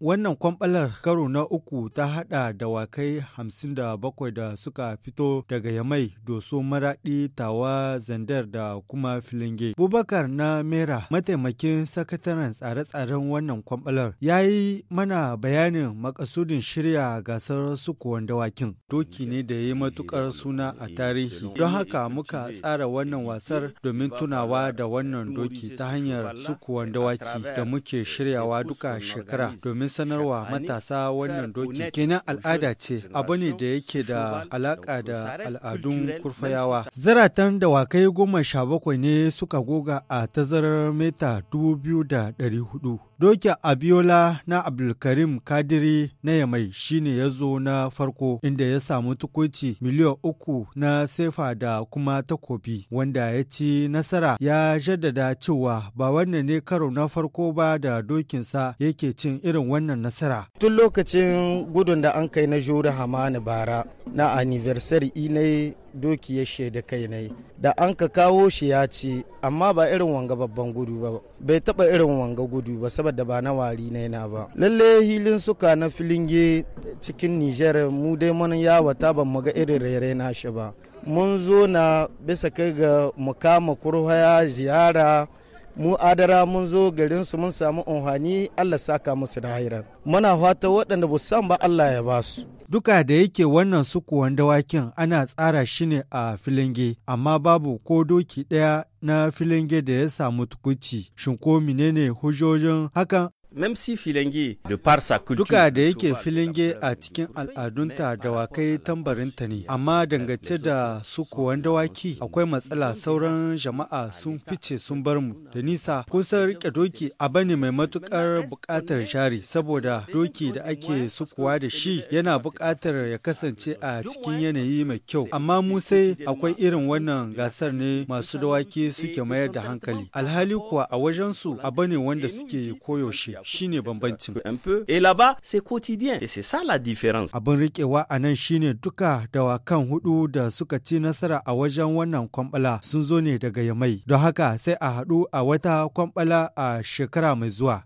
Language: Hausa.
Wannan kwamɓalar karo na uku ta haɗa dawakai hamsin da bakwai da suka fito daga Yamai, Doso Maraɗi, Tawa, Zandar da kuma Filinge. Bubakar na Mera, mataimakin sakataren tsare-tsaren wannan kwamɓalar, ya yi mana bayanin makasudin shirya gasar sukuwan dawakin. Doki ne da ya yi matuƙar suna a tarihi. Don haka muka tsara wannan wasar domin tunawa da wannan doki ta hanyar sukuwan dawaki da muke shiryawa duka shekara domin domin sanarwa matasa wannan doki kenan al'ada ce abu ne da yake da alaƙa da al'adun kurfayawa zaratan dawakai goma sha bakwai ne suka goga a tazarar mita dubu biyu da ɗari hudu doki abiola na abdulkarim kadiri na yamai shine ya zo na farko inda ya samu tukuci miliyan uku na sefa da kuma takobi wanda ya ci nasara ya jaddada cewa ba wannan ne karo na farko ba da dokinsa yake cin irin wannan wannan nasara. Tun lokacin gudun da an kai na Jure Hamani bara na anniversary inai doki ya shaida kai na da an ka kawo shi ya ce amma ba irin wanga babban gudu ba bai taba irin wanga gudu ba saboda ba na wari na na ba lalle hilin suka na filinge cikin Niger mu dai mun yawata ban mu ga irin rere na shi ba mun zo na bisa kai ga mukama kurhaya ziyara mu adara mun zo garin su mun samu unhani Allah saka musu da hairan muna fata waɗanda ba san ba Allah ya ba su duka da yake wannan sukuwan dawakin ana tsara shi ne a filinge amma babu ko doki ɗaya na filinge da ya samu tukuci shin ko menene hujojin hakan Duka da yake filinge a cikin al'adunta dawakai tambarinta ne, amma dangance da su kuwan dawaki akwai matsala sauran jama'a sun fice sun bar mu da nisa kusan rike doki a bane mai matukar buƙatar shari saboda doki da ake sukuwa da shi yana buƙatar ya kasance a cikin yanayi mai kyau amma mu sai akwai irin wannan gasar ne masu dawaki suke mayar da hankali alhali kuwa a wajen wajensu abu ne wanda suke koyaushe shine euh, bambancin et là-bas c'est quotidien et c'est ça la différence abin riƙewa a nan shine duka dawakan hudu da suka ci nasara a wajen wannan kwambala sun zo ne daga yamai don haka sai a haɗu a wata kwambala a shekara mai zuwa